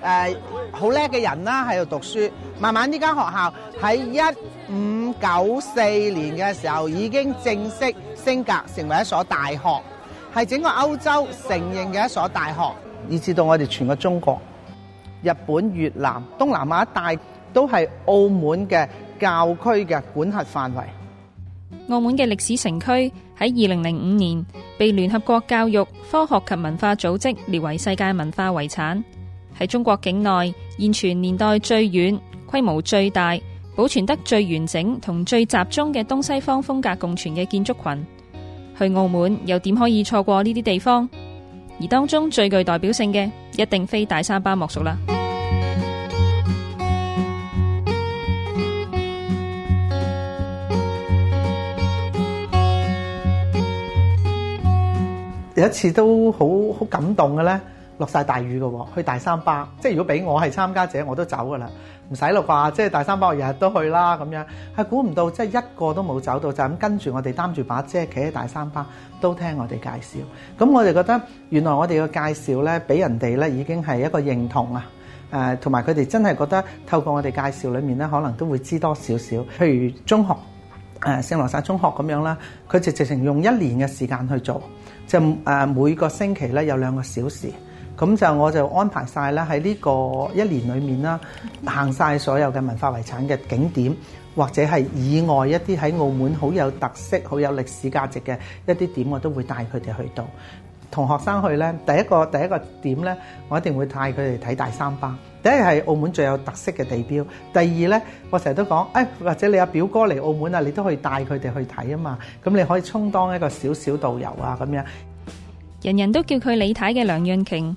誒、呃，好叻嘅人啦，喺度讀書。慢慢呢間學校喺一五九四年嘅時候已經正式升格成為一所大學，係整個歐洲承認嘅一所大學，以至到我哋全個中國、日本、越南、東南亞一帶都係澳門嘅教區嘅管轄範圍。澳門嘅歷史城區喺二零零五年被聯合國教育科學及文化組織列為世界文化遺產。喺中國境內現存年代最遠、規模最大、保存得最完整同最集中嘅東西方風格共存嘅建築群。去澳門又點可以錯過呢啲地方？而當中最具代表性嘅，一定非大三巴莫屬啦。有一次都好好感動嘅咧。落晒大雨嘅喎，去大三巴，即係如果俾我係參加者，我都走㗎啦，唔使落啩。即係大，大三巴，我日日都去啦咁樣，係估唔到即係一個都冇走到，就咁跟住我哋擔住把遮，企喺大三巴都聽我哋介紹。咁我哋覺得原來我哋嘅介紹咧，俾人哋咧已經係一個認同啊。同埋佢哋真係覺得透過我哋介紹裏面咧，可能都會知多少少。譬如中學，誒聖羅薩中學咁樣啦，佢直直情用一年嘅時間去做，就、呃、每個星期咧有兩個小時。咁就我就安排晒啦，喺呢個一年裏面啦，行晒所有嘅文化遺產嘅景點，或者係以外一啲喺澳門好有特色、好有歷史價值嘅一啲點，我都會帶佢哋去到同學生去呢第，第一個第一個點呢，我一定會帶佢哋睇大三巴。第一係澳門最有特色嘅地標。第二呢，我成日都講，誒、哎、或者你阿表哥嚟澳門啊，你都可以帶佢哋去睇啊嘛。咁你可以充當一個小小導遊啊，咁樣。人人都叫佢李太嘅梁潤瓊。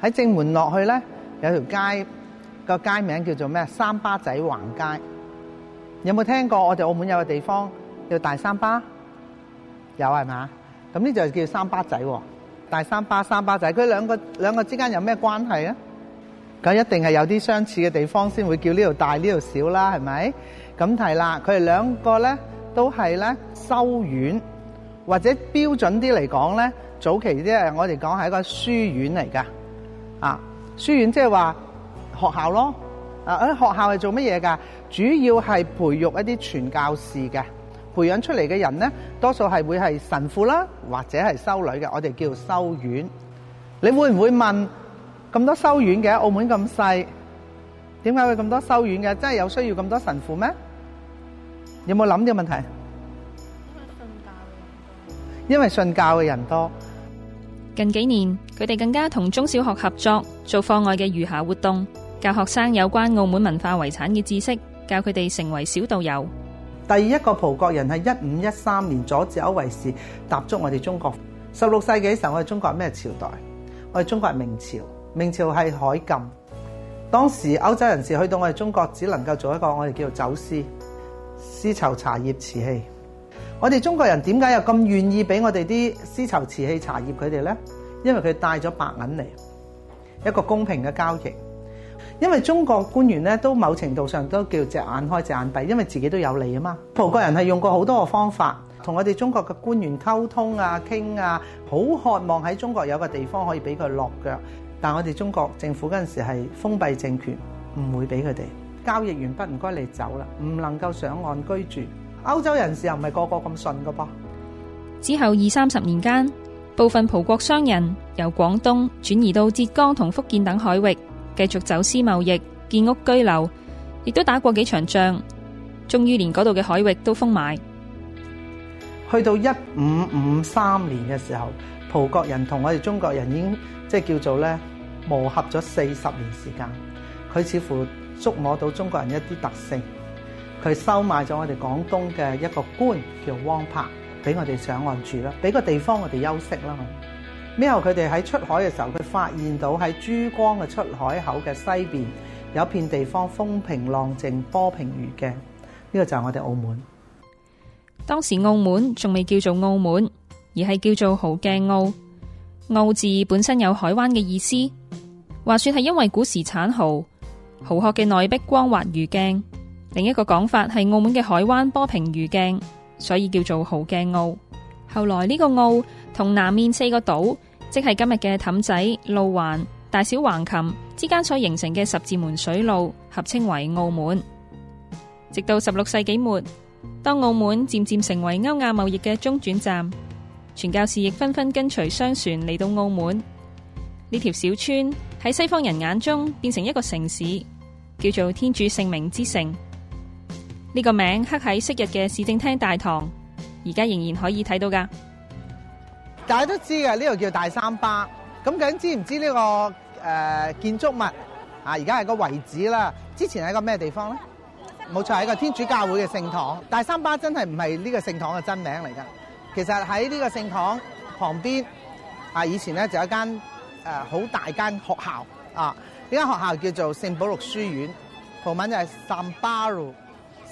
喺正門落去咧，有條街，個街名叫做咩？三巴仔橫街。有冇聽過？我哋澳門有個地方叫大三巴，有係嘛？咁呢就叫三巴仔喎，大三巴、三巴仔。佢兩個兩個之間有咩關係咧？咁一定係有啲相似嘅地方先會叫呢度大，呢度少啦，係咪？咁係啦，佢哋兩個咧都係咧修院或者標準啲嚟講咧，早期啲係我哋講係一個書院嚟噶。書院即係話學校咯，啊！學校係做乜嘢噶主要係培育一啲傳教士嘅，培養出嚟嘅人咧，多數係會係神父啦，或者係修女嘅。我哋叫修院。你會唔會問咁多修院嘅？澳門咁細，點解會咁多修院嘅？真係有需要咁多神父咩？有冇諗呢個問題？因為信教嘅，因為信教嘅人多。近幾年，佢哋更加同中小學合作做課外嘅餘下活動，教學生有關澳門文化遺產嘅知識，教佢哋成為小導遊。第一個葡國人係一五一三年佐治歐維士踏足我哋中國。十六世紀嘅時候，我哋中國係咩朝代？我哋中國係明朝。明朝係海禁，當時歐洲人士去到我哋中國，只能夠做一個我哋叫做走私，絲綢茶葉瓷器。我哋中國人點解又咁願意俾我哋啲絲綢、瓷器、茶葉佢哋呢？因為佢帶咗白銀嚟，一個公平嘅交易。因為中國官員咧都某程度上都叫隻眼開隻眼閉，因為自己都有利啊嘛。葡國人係用過好多個方法同我哋中國嘅官員溝通啊、傾啊，好渴望喺中國有個地方可以俾佢落腳。但我哋中國政府嗰陣時係封閉政權，唔會俾佢哋交易完畢，唔該你走啦，唔能夠上岸居住。歐洲人士又唔係個個咁信噶噃。之後二三十年間，部分葡國商人由廣東轉移到浙江同福建等海域，繼續走私貿易，建屋居留，亦都打過幾場仗，終於連嗰度嘅海域都封埋。去到一五五三年嘅時候，葡國人同我哋中國人已經即係叫做咧磨合咗四十年時間，佢似乎觸摸到中國人一啲特性。佢收買咗我哋廣東嘅一個官，叫汪柏，俾我哋上岸住啦，俾個地方我哋休息啦。之後佢哋喺出海嘅時候，佢發現到喺珠江嘅出海口嘅西邊有片地方風平浪靜、波平如鏡。呢、這個就係我哋澳門。當時澳門仲未叫做澳門，而係叫做濠鏡澳。澳字本身有海灣嘅意思，話説係因為古時產蠔，蠔殼嘅內壁光滑如鏡。另一個講法係澳門嘅海灣波平如鏡，所以叫做蠔鏡澳。後來呢個澳同南面四個島，即係今日嘅氹仔、路環、大小橫琴之間所形成嘅十字門水路，合稱為澳門。直到十六世紀末，當澳門漸漸成為歐亞貿易嘅中轉站，傳教士亦紛紛跟隨商船嚟到澳門。呢條小村喺西方人眼中變成一個城市，叫做天主聖名之城。呢、這個名刻喺昔日嘅市政廳大堂，而家仍然可以睇到噶。大家都知嘅，呢度叫大三巴。咁究竟知唔知呢、這個誒、呃、建築物啊？而家係個遺址啦。之前係個咩地方咧？冇錯，係個天主教會嘅聖堂。大三巴真係唔係呢個聖堂嘅真名嚟噶。其實喺呢個聖堂旁邊啊，以前咧就有一間誒好、呃、大間學校啊。呢間學校叫做聖保祿書院，葡文就係三巴路。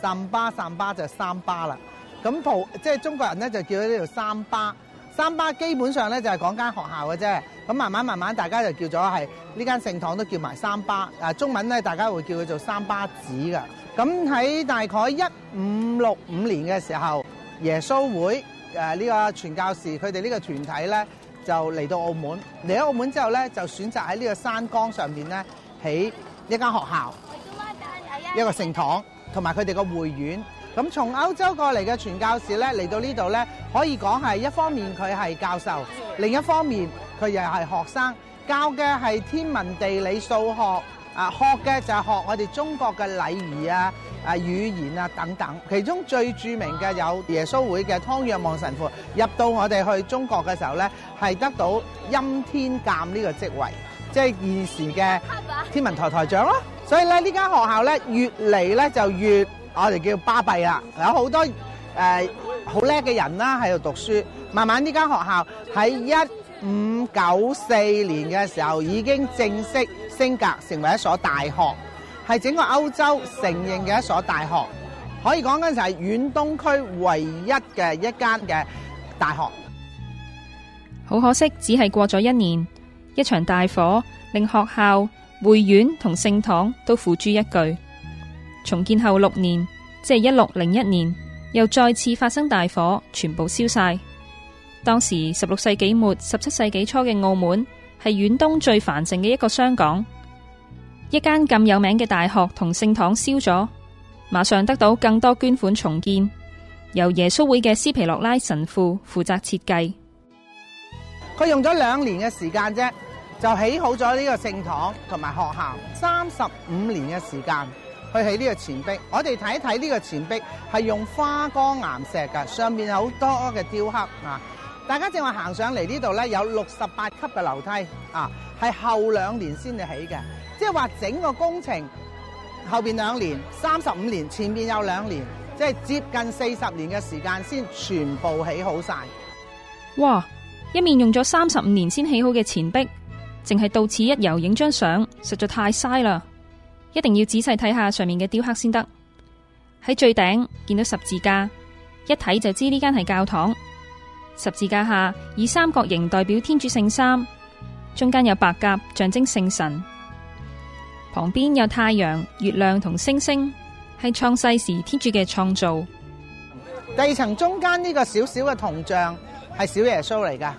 三巴三巴、就是、三巴就三巴啦，咁葡即係中國人咧就叫呢條三巴，三巴基本上咧就係講間學校嘅啫，咁慢慢慢慢大家就叫咗係呢間聖堂都叫埋三巴，啊中文咧大家會叫佢做三巴子噶，咁喺大概一五六五年嘅時候，耶穌會誒呢、這個傳教士佢哋呢個團體咧就嚟到澳門，嚟咗澳門之後咧就選擇喺呢個山崗上面咧起一間學校，一個聖堂。同埋佢哋嘅會員，咁從歐洲過嚟嘅傳教士咧，嚟到呢度咧，可以講係一方面佢係教授，另一方面佢又係學生，教嘅係天文地理數學，啊，學嘅就係學我哋中國嘅禮儀啊、啊語言啊等等。其中最著名嘅有耶穌會嘅湯若望神父，入到我哋去中國嘅時候咧，係得到欽天監呢個職位。即係現時嘅天文台台長咯，所以咧呢間學校咧越嚟咧就越，越我哋叫巴閉啦，有好多誒，好叻嘅人啦喺度讀書。慢慢呢間學校喺一五九四年嘅時候已經正式升格成為一所大學，係整個歐洲承認嘅一所大學，可以講緊就係遠東區唯一嘅一間嘅大學。好可惜，只係過咗一年。一場大火令學校、會院同聖堂都付諸一炬。重建後六年，即係一六零一年，又再次發生大火，全部燒晒。當時十六世紀末、十七世紀初嘅澳門係遠東最繁盛嘅一個商港，一間咁有名嘅大學同聖堂燒咗，馬上得到更多捐款重建，由耶穌會嘅斯皮諾拉神父負責設計，佢用咗兩年嘅時間啫。就起好咗呢個聖堂同埋學校，三十五年嘅時間去起呢個前壁。我哋睇一睇呢個前壁係用花崗岩石嘅，上面有好多嘅雕刻啊！大家正話行上嚟呢度呢，有六十八級嘅樓梯啊，係後兩年先至起嘅，即係話整個工程後面兩年三十五年，前面有兩年，即係接近四十年嘅時間先全部起好晒。哇！一面用咗三十五年先起好嘅前壁。淨係到此一遊影張相實在太嘥啦，一定要仔細睇下上面嘅雕刻先得。喺最頂見到十字架，一睇就知呢間係教堂。十字架下以三角形代表天主聖三，中間有白鴿象徵聖神，旁邊有太陽、月亮同星星，係創世時天主嘅創造。第二層中間呢個小小嘅銅像係小耶穌嚟噶。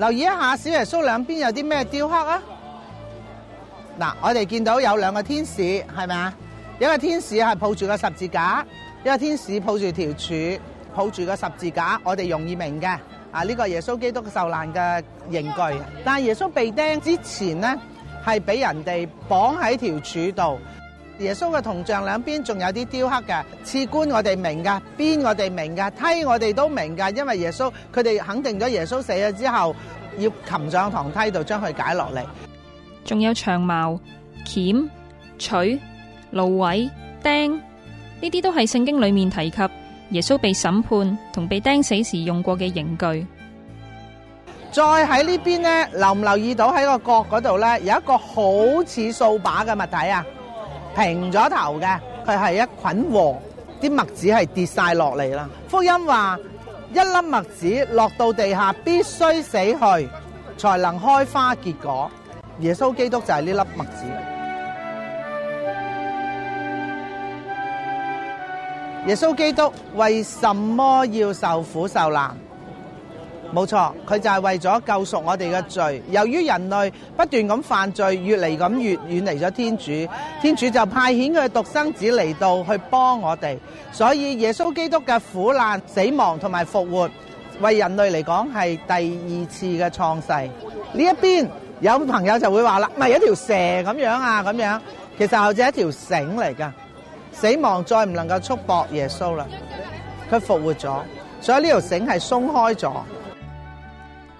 留意一下，小耶穌兩邊有啲咩雕刻啊？嗱，我哋見到有兩個天使，係咪啊？一個天使係抱住個十字架，一個天使抱住條柱，抱住個十字架，我哋容易明嘅。啊，呢個耶穌基督受難嘅刑具，但係耶穌被釘之前咧，係俾人哋綁喺條柱度。耶穌嘅銅像兩邊仲有啲雕刻嘅，刺冠我哋明噶，鞭，我哋明噶，梯，我哋都明噶，因為耶穌佢哋肯定咗耶穌死咗之後，要擒上堂梯度將佢解落嚟。仲有長矛、鉗、錘、蘆葦、釘，呢啲都係聖經裏面提及耶穌被審判同被釘死時用過嘅刑具。再喺呢邊呢，留唔留意到喺個角嗰度呢，有一個好似掃把嘅物體啊？平咗頭嘅，佢係一捆禾，啲麥子係跌晒落嚟啦。福音話，一粒麥子落到地下，必須死去，才能開花結果。耶穌基督就係呢粒麥子。耶穌基督為什麼要受苦受難？冇錯，佢就係為咗救贖我哋嘅罪。由於人類不斷咁犯罪，越嚟咁越遠離咗天主，天主就派遣佢獨生子嚟到去幫我哋。所以耶穌基督嘅苦難、死亡同埋復活，為人類嚟講係第二次嘅創世。呢一邊有朋友就會話啦，咪一條蛇咁樣啊，咁樣其實好似一條繩嚟㗎。死亡再唔能夠束縛耶穌啦，佢復活咗，所以呢條繩係鬆開咗。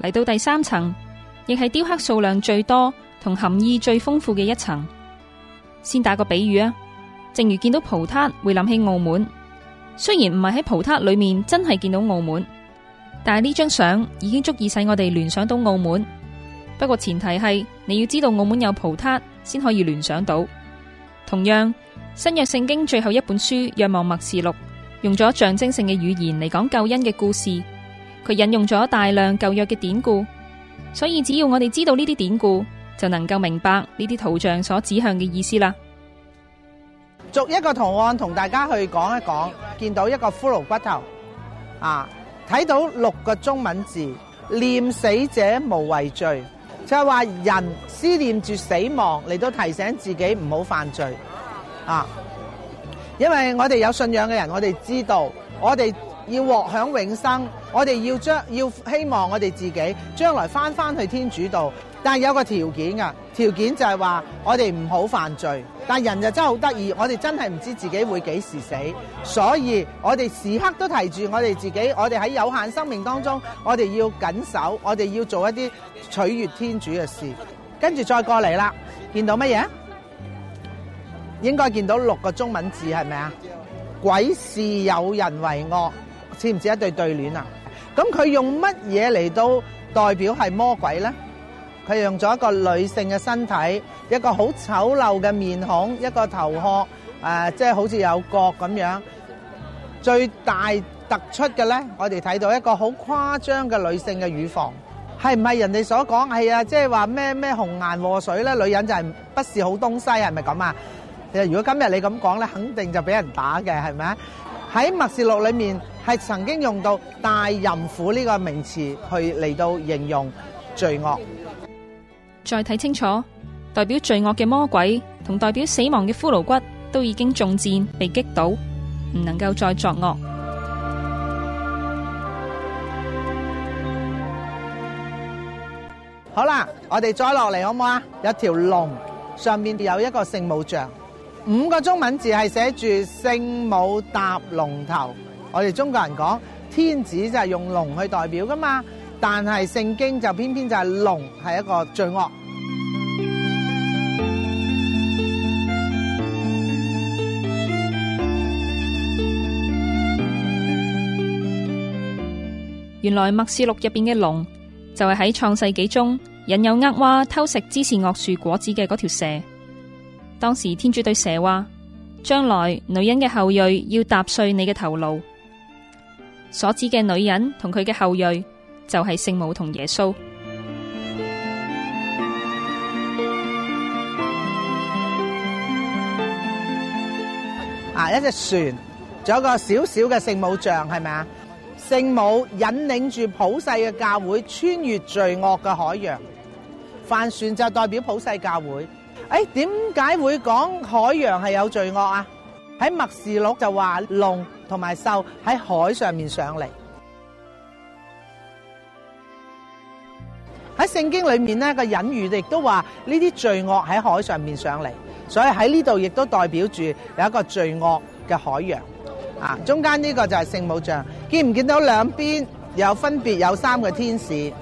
嚟到第三層，亦係雕刻數量最多同含義最豐富嘅一層。先打個比喻啊，正如見到葡撻會諗起澳門，雖然唔係喺葡撻裏面真係見到澳門，但係呢張相已經足以使我哋聯想到澳門。不過前提係你要知道澳門有葡撻先可以聯想到。同樣，新約聖經最後一本書《若望默示錄》用咗象徵性嘅語言嚟講救恩嘅故事。佢引用咗大量舊約嘅典故，所以只要我哋知道呢啲典故，就能夠明白呢啲圖像所指向嘅意思啦。逐一個圖案同大家去講一講，見到一個骷髏骨頭，啊，睇到六個中文字，念死者無遺罪，就係、是、話人思念住死亡嚟到提醒自己唔好犯罪，啊，因為我哋有信仰嘅人，我哋知道我哋。要獲享永生，我哋要將要希望我哋自己將來返返去天主度，但係有個條件㗎，條件就係話我哋唔好犯罪。但人就真係好得意，我哋真係唔知自己會幾時死，所以我哋時刻都提住我哋自己，我哋喺有限生命當中，我哋要緊守，我哋要做一啲取悅天主嘅事。跟住再過嚟啦，見到乜嘢？應該見到六個中文字係咪啊？鬼事有人為惡。似唔似一對對聯啊？咁佢用乜嘢嚟到代表係魔鬼咧？佢用咗一個女性嘅身體，一個好醜陋嘅面孔，一個頭殼，誒，即係好似有角咁樣。最大突出嘅咧，我哋睇到一個好誇張嘅女性嘅乳房，係唔係人哋所講係啊？即係話咩咩紅顏禍水咧？女人就係不是好東西，係咪咁啊？其實如果今日你咁講咧，肯定就俾人打嘅，係咪啊？喺《密室錄》裏面。係曾經用到大淫婦呢個名詞去嚟到形容罪惡。再睇清楚，代表罪惡嘅魔鬼同代表死亡嘅骷髏骨都已經中箭被擊倒，唔能夠再作惡。好啦，我哋再落嚟好唔好啊？有一條龍上面有一個聖母像，五個中文字係寫住聖母搭龍頭。我哋中國人講天子就係用龍去代表噶嘛，但係聖經就偏偏就係龍係一個罪惡。原來士面《默示錄》入邊嘅龍就係、是、喺創世記中引誘厄娃偷食知善惡樹果子嘅嗰條蛇。當時天主對蛇話：將來女人嘅後裔要踏碎你嘅頭顱。所指嘅女人同佢嘅後裔就係、是、聖母同耶穌。啊，一隻船，仲有一個小小嘅聖母像係咪啊？聖母引領住普世嘅教會穿越罪惡嘅海洋。帆船就代表普世教會。誒、哎，點解會講海洋係有罪惡啊？喺麥氏祿就話龍。同埋獸喺海上面上嚟，喺聖經裏面呢個隱喻亦都話呢啲罪惡喺海上面上嚟，所以喺呢度亦都代表住有一個罪惡嘅海洋。啊，中間呢個就係聖母像，見唔見到兩邊有分別有三個天使，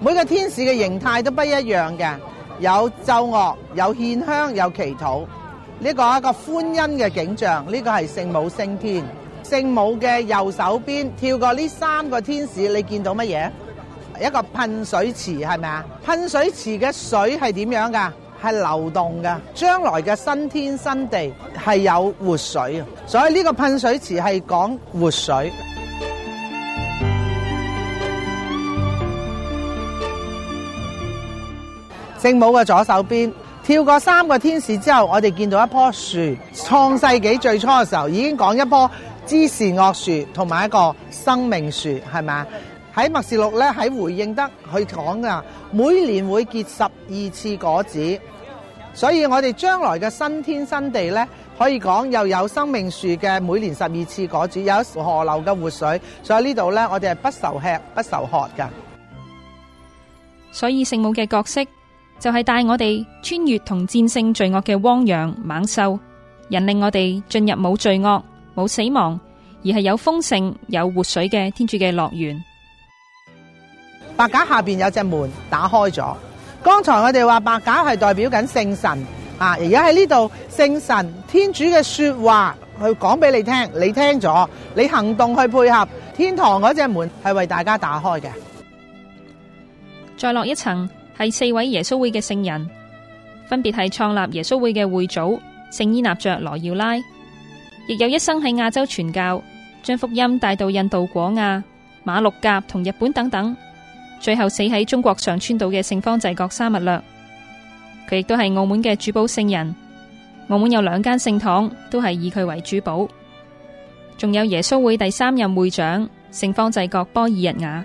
每個天使嘅形態都不一樣嘅，有奏樂，有獻香，有祈禱，呢個一個歡欣嘅景象，呢個係聖母升天。聖母嘅右手邊跳過呢三個天使，你見到乜嘢？一個噴水池係咪啊？噴水池嘅水係點樣㗎？係流動㗎。將來嘅新天新地係有活水，所以呢個噴水池係講活水。聖母嘅左手邊跳過三個天使之後，我哋見到一棵樹。創世紀最初嘅時候已經講一棵知識惡樹同埋一個生命樹，係咪？喺默示錄咧，喺回應得去講啊，每年會結十二次果子。所以我哋將來嘅新天新地咧，可以講又有生命樹嘅每年十二次果子，有河流嘅活水。所以這裡呢度咧，我哋係不愁吃不愁喝噶。所以聖母嘅角色就係、是、帶我哋穿越同戰勝罪惡嘅汪洋猛獸，引領我哋進入冇罪惡。冇死亡，而係有豐盛、有活水嘅天主嘅樂園。白鴿下邊有隻門打開咗。剛才我哋話白鴿係代表緊聖神啊，而家喺呢度聖神天主嘅說話去講俾你聽，你聽咗，你行動去配合，天堂嗰隻門係為大家打開嘅。再落一層係四位耶穌會嘅聖人，分別係創立耶穌會嘅會祖聖依納爵羅耀拉。亦有一生喺亞洲傳教，將福音帶到印度、果亞、馬六甲同日本等等，最後死喺中國上川島嘅聖方濟各沙勿略。佢亦都係澳門嘅主保聖人，澳門有兩間聖堂都係以佢為主保。仲有耶穌會第三任會長聖方濟各波爾日雅，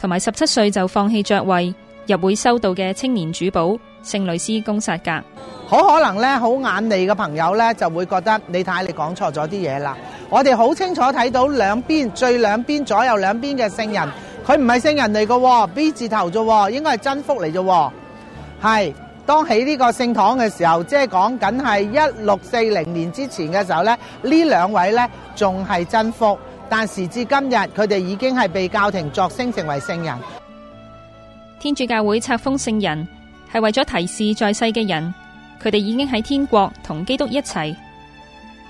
同埋十七歲就放棄爵位入會修道嘅青年主保。聖女師攻殺噶，好可能咧，好眼利嘅朋友咧就會覺得你睇，你講錯咗啲嘢啦。我哋好清楚睇到兩邊，最兩邊左右兩邊嘅聖人，佢唔係聖人嚟嘅，B 字頭啫，應該係真福嚟啫。係當起呢個聖堂嘅時候，即係講緊係一六四零年之前嘅時候咧，呢兩位咧仲係真福，但時至今日，佢哋已經係被教廷擢升成為聖人。天主教會冊封聖人，係為咗提示在世嘅人，佢哋已經喺天國同基督一齊。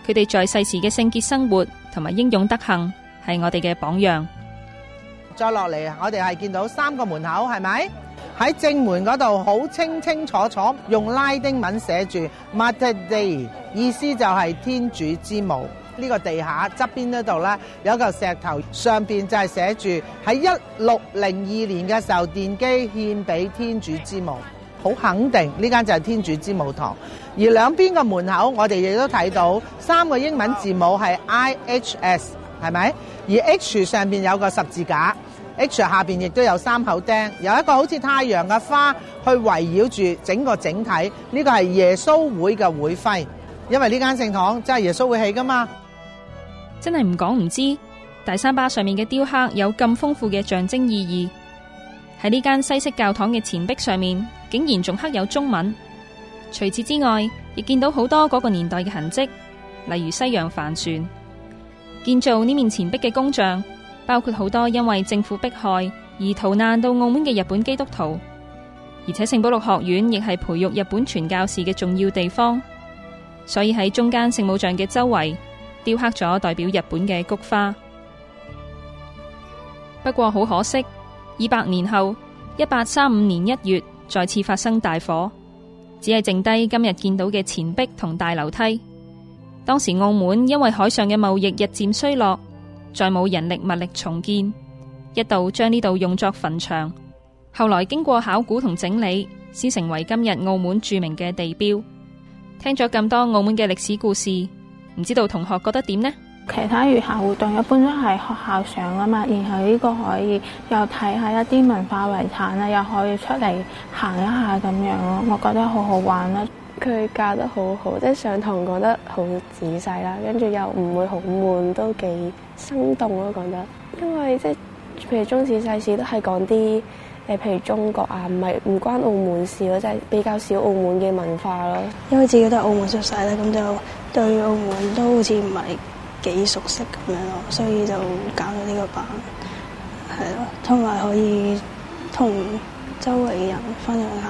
佢哋在世時嘅聖潔生活同埋英勇德行係我哋嘅榜樣。再落嚟，我哋係見到三個門口，係咪喺正門嗰度？好清清楚楚，用拉丁文寫住 Mater Dei”，意思就係天主之母」這。呢個地下側邊嗰度呢，有嚿石頭，上邊就係寫住喺一六零二年嘅時候，電機獻俾天主之母。」好肯定呢間就係天主之母堂，而兩邊嘅門口我哋亦都睇到三個英文字母係 I H S，係咪？而 H 上邊有個十字架，H 下邊亦都有三口釘，有一個好似太陽嘅花去圍繞住整個整體。呢、這個係耶穌會嘅會徽，因為呢間聖堂真係耶穌會起噶嘛，真係唔講唔知。大三巴上面嘅雕刻有咁豐富嘅象徵意義，喺呢間西式教堂嘅前壁上面，竟然仲刻有中文。除此之外，亦見到好多嗰個年代嘅痕跡，例如西洋帆船、建造呢面前壁嘅工匠，包括好多因為政府迫害而逃難到澳門嘅日本基督徒。而且聖保祿學院亦係培育日本傳教士嘅重要地方，所以喺中間聖母像嘅周圍雕刻咗代表日本嘅菊花。不過好可惜，二百年後，一八三五年一月。再次發生大火，只係剩低今日見到嘅前壁同大樓梯。當時澳門因為海上嘅貿易日漸衰落，再冇人力物力重建，一度將呢度用作墳場。後來經過考古同整理，先成為今日澳門著名嘅地標。聽咗咁多澳門嘅歷史故事，唔知道同學覺得點呢？其他餘下活動一般都係學校上啊嘛，然後呢個可以又睇下一啲文化遺產啊，又可以出嚟行一下咁樣咯。我覺得好好玩咯，佢教得好好，即係上堂講得好仔細啦，跟住又唔會好悶，都幾生動咯，講得。因為即係譬如中史世史都係講啲誒，譬如中國啊，唔係唔關澳門事咯，即係比較少澳門嘅文化咯。因為自己都係澳門出世啦，咁就對澳門都好似唔係。幾熟悉咁樣咯，所以就搞咗呢個版，係咯，同埋可以同周圍嘅人分享一下，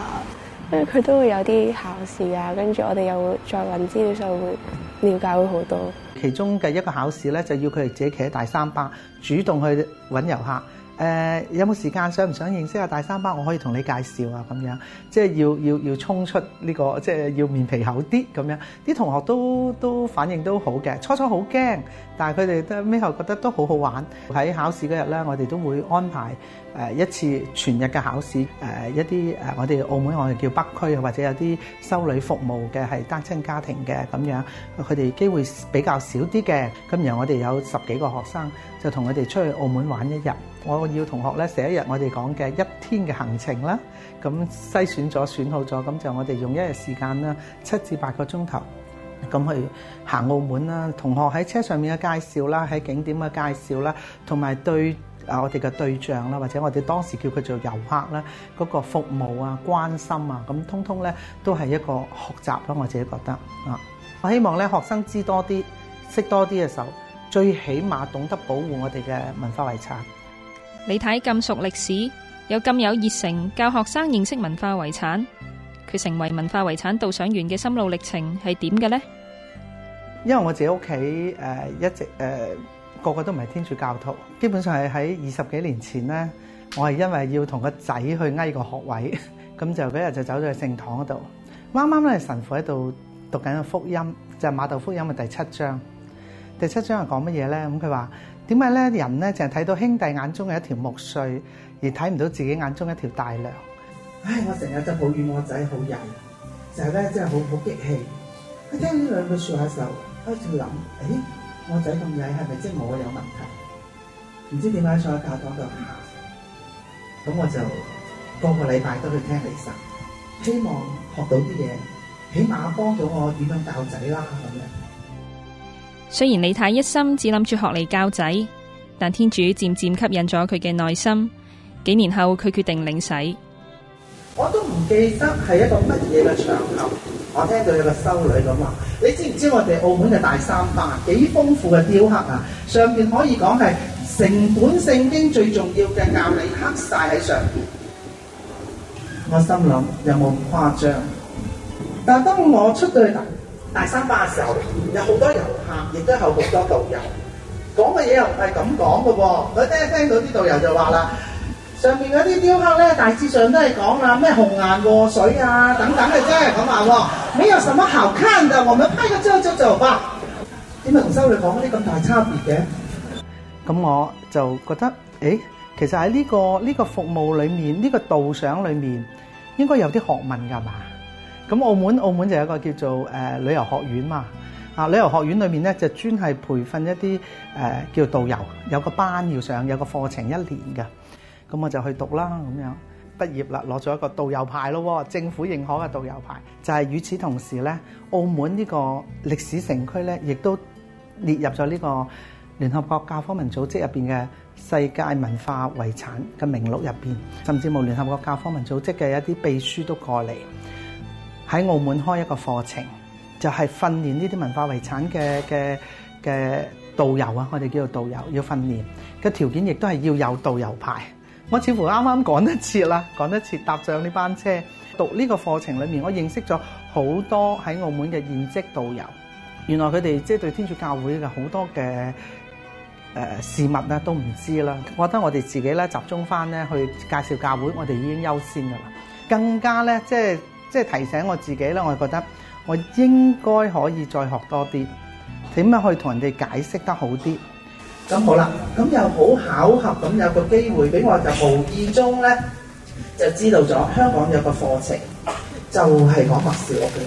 因為佢都會有啲考試啊，跟住我哋又會再揾資料上會了解會好多。其中嘅一個考試咧，就要佢哋自己企喺大三巴主動去揾遊客。誒、呃、有冇時間？想唔想認識下大三巴？我可以同你介紹啊，咁樣即係要要要衝出呢、這個，即係要面皮厚啲咁樣。啲同學都都反應都好嘅，初初好驚，但係佢哋都尾後覺得都好好玩。喺考試嗰日咧，我哋都會安排、呃、一次全日嘅考試、呃。一啲、呃、我哋澳門我哋叫北區，或者有啲修女服務嘅係單親家庭嘅咁樣，佢哋機會比較少啲嘅。咁然後我哋有十幾個學生就同佢哋出去澳門玩一日。我要同學咧，寫一日我哋講嘅一天嘅行程啦，咁篩選咗選好咗，咁就我哋用一日時間啦，七至八個鐘頭咁去行澳門啦。同學喺車上面嘅介紹啦，喺景點嘅介紹啦，同埋對啊我哋嘅對象啦，或者我哋當時叫佢做遊客啦，嗰個服務啊、關心啊，咁通通咧都係一個學習咯。我自己覺得啊，我希望咧學生知多啲、識多啲嘅時候，最起碼懂得保護我哋嘅文化遺產。你睇咁熟歷史，有咁有熱誠教學生認識文化遺產，佢成為文化遺產導賞員嘅心路歷程係點嘅咧？因為我自己屋企誒，一直誒、呃、個個都唔係天主教徒，基本上係喺二十幾年前咧，我係因為要同個仔去捱個學位，咁就嗰日就走咗去聖堂嗰度，啱啱咧神父喺度讀緊個福音，就係馬竇福音嘅第七章，第七章係講乜嘢咧？咁佢話。點解咧？人咧，淨係睇到兄弟眼中嘅一條木碎，而睇唔到自己眼中一條大梁。唉、哎，我成日就抱怨我仔好曳，成日咧真係好好激氣。佢聽呢兩句説話嘅時候，開始諗：誒、哎，我仔咁曳係咪即係我有問題？唔知點解上喺教堂度行。咁我就個個禮拜都去聽離神，希望學到啲嘢，起碼幫到我點樣教仔啦咁樣。雖然李太一心只諗住學嚟教仔，但天主漸漸吸引咗佢嘅內心。幾年後，佢決定領洗。我都唔記得係一個乜嘢嘅場合，我聽到有個修女咁話：你知唔知我哋澳門嘅大三巴幾豐富嘅雕刻啊？上邊可以講係成本聖經最重要嘅教理刻晒喺上邊。我心諗有冇誇張？但當我出到去。大三巴嘅時候，有好多遊客亦都有好多導遊講嘅嘢又係咁講嘅喎。佢聽聽到啲導遊就話啦，上面嗰啲雕刻咧大致上都係講啊咩紅顏禍水啊等等嘅啫。咁話喎，沒有什麼好看的，我們拍個照就走啦。點解同收你講啲咁大差別嘅？咁我就覺得，誒，其實喺呢個呢個服務裡面，呢個導賞裡面應該有啲學問㗎嘛。咁澳門澳門就有一個叫做誒、呃、旅遊學院嘛，啊旅遊學院裏面咧就專係培訓一啲誒、呃、叫做導遊，有個班要上，有個課程一年嘅，咁我就去讀啦，咁樣畢業啦，攞咗一個導遊牌咯，政府認可嘅導遊牌。就係、是、與此同時咧，澳門呢個歷史城區咧，亦都列入咗呢個聯合國教科文組織入邊嘅世界文化遺產嘅名錄入邊，甚至冇聯合國教科文組織嘅一啲秘書都過嚟。喺澳門開一個課程，就係訓練呢啲文化遺產嘅嘅嘅導遊啊，我哋叫做導遊，要訓練嘅條件亦都係要有導遊牌。我似乎啱啱趕得切啦，趕得切搭上呢班車，讀呢個課程裏面，我認識咗好多喺澳門嘅現職導遊。原來佢哋即係對天主教會嘅好多嘅誒、呃、事物咧都唔知啦。我覺得我哋自己咧集中翻咧去介紹教會，我哋已經優先噶啦，更加咧即係。即係提醒我自己咧，我覺得我應該可以再學多啲，點樣去同人哋解釋得好啲。咁好啦，咁又好巧合咁有個機會俾我，就無意中咧就知道咗香港有個課程，就係講白小學嘅。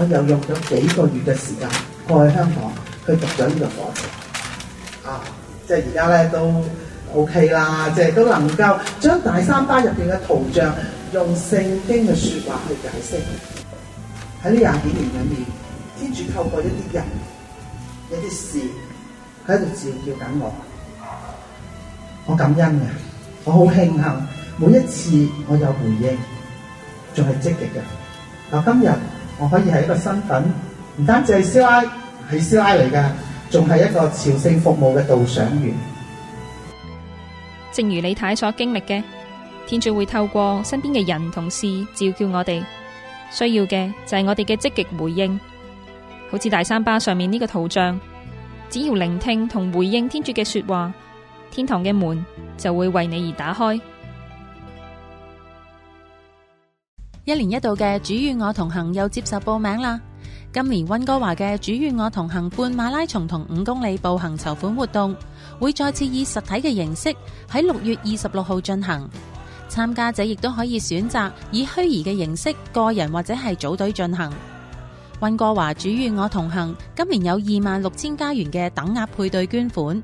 我又用咗幾個月嘅時間去香港去讀咗呢個課程。啊，即係而家咧都。OK 啦，即係都能夠將大三巴入邊嘅圖像用聖經嘅説話去解釋。喺呢廿幾年裏面，天主透過一啲人、一啲事，喺度召叫緊我。我感恩嘅，我好慶幸，每一次我有回應，仲係積極嘅。嗱，今日我可以係一個身份，唔單止係師奶，係師奶嚟嘅，仲係一個朝聖服務嘅導賞員。正如李太所經歷嘅，天主會透過身邊嘅人同事召叫我哋，需要嘅就係我哋嘅積極回應。好似大三巴上面呢個圖像，只要聆聽同回應天主嘅說話，天堂嘅門就會為你而打開。一年一度嘅主與我同行又接受報名啦。今年溫哥華嘅主願我同行半馬拉松同五公里步行籌款活動會再次以實體嘅形式喺六月二十六號進行。參加者亦都可以選擇以虛擬嘅形式個人或者係組隊進行。溫哥華主願我同行今年有二萬六千加元嘅等額配對捐款，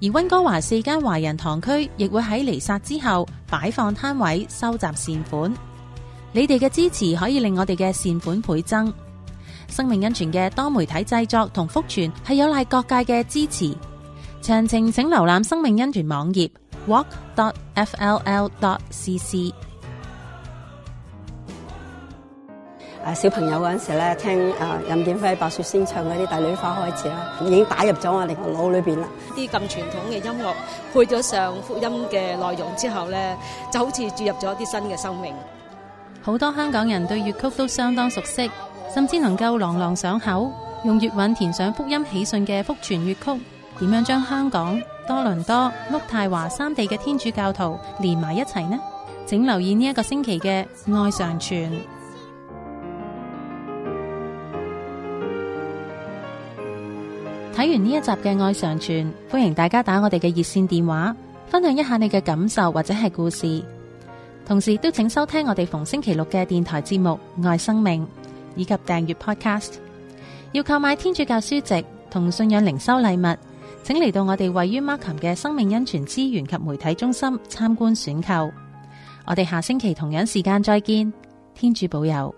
而溫哥華四間華人堂區亦會喺彌撒之後擺放攤位收集善款。你哋嘅支持可以令我哋嘅善款倍增。生命恩泉嘅多媒體製作同福傳係有賴各界嘅支持，詳情請瀏覽生命恩泉網頁 walk.dot.fll.dot.cc。啊，小朋友嗰陣時咧，聽啊任劍輝白雪仙唱嗰啲《帝女花》開始，啦，已經打入咗我哋個腦裏邊啦。啲咁傳統嘅音樂配咗上福音嘅內容之後咧，就好似注入咗啲新嘅生命。好多香港人對粵曲都相當熟悉。甚至能夠朗朗上口，用粵韻填上福音喜訊嘅《福傳粵曲》，點樣將香港、多倫多、渥太華三地嘅天主教徒連埋一齊呢？請留意呢一個星期嘅《愛上傳》。睇完呢一集嘅《愛上傳》，歡迎大家打我哋嘅熱線電話，分享一下你嘅感受或者係故事。同時都請收聽我哋逢星期六嘅電台節目《愛生命》。以及訂閱 Podcast。要購買天主教書籍同信仰靈修禮物，請嚟到我哋位於 Markham 嘅生命恩泉資源及媒體中心參觀選購。我哋下星期同樣時間再見，天主保佑。